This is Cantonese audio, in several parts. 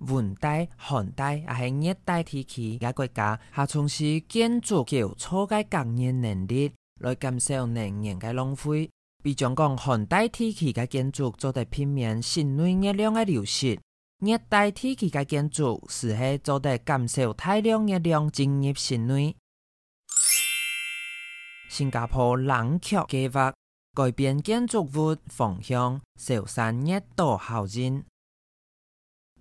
溫帶、寒帶，阿係熱帶天氣嘅國家，下重視建築橋初街隔熱能力，來減少能源的浪費。比方講，寒帶天氣的建築做在避免室內熱量嘅流失，熱帶天氣的建築適合做在減少大量熱量進入室內。新加坡冷卻計劃改變建築物方向，改善熱島效應。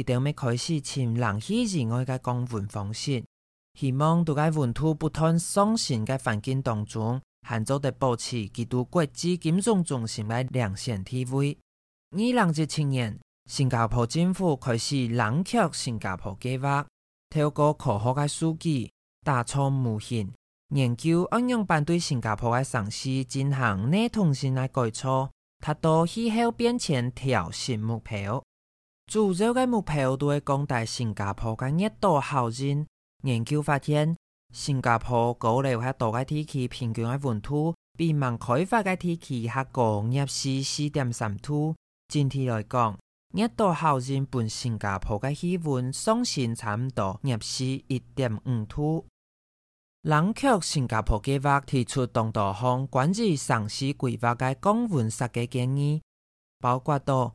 一從尾開始，尋冷氣以外嘅降溫方式，希望獨家溫度不斷上升嘅環境當中，能夠保持其在國際金融中心嘅領先地位。二零一七年，新加坡政府開始冷卻新加坡計劃，透過科學嘅數據、大數據現研究，應用辦對新加坡嘅城市進行系統性嘅改錯，達到氣候變遷調適目標。澳洲嘅木皮屋都講大新加坡嘅熱島效應，研究發現，新加坡古嚟嘅熱帶天氣平均嘅溫度，比慢開發嘅天氣下降約攝氏四點三度。整體來講，熱島效應伴新加坡嘅氣溫上升差唔多約攝氏一點五度。冷卻新加坡計劃提出同道方管制城市規劃嘅降溫設計建議，包括到。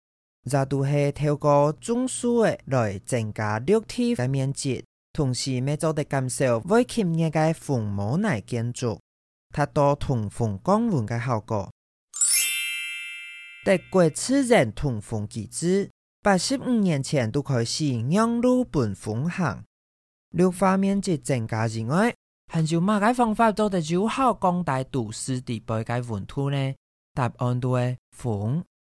就係透過種樹嘅來增加綠地嘅面積，同時咩做得減少危建物嘅污染物、建築，達到通風降温嘅效果。德國自然通風技術八十五年前都開始引入本分行。綠化面積增加之外，仲有咩嘅方法做得有效降低都市地表嘅温度呢？答案都係風。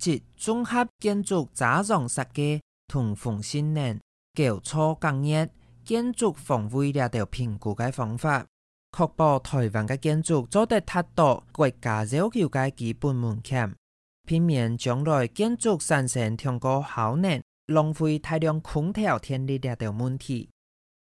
即綜合建築雜項設計同通風性能、舊厝工業建築防災力度評估嘅方法，確保台灣的建築做得達到國家要求嘅基本門檻，避免將來，越來，越越來越建築產生通過耗能，浪費大量空調電力嘅問題。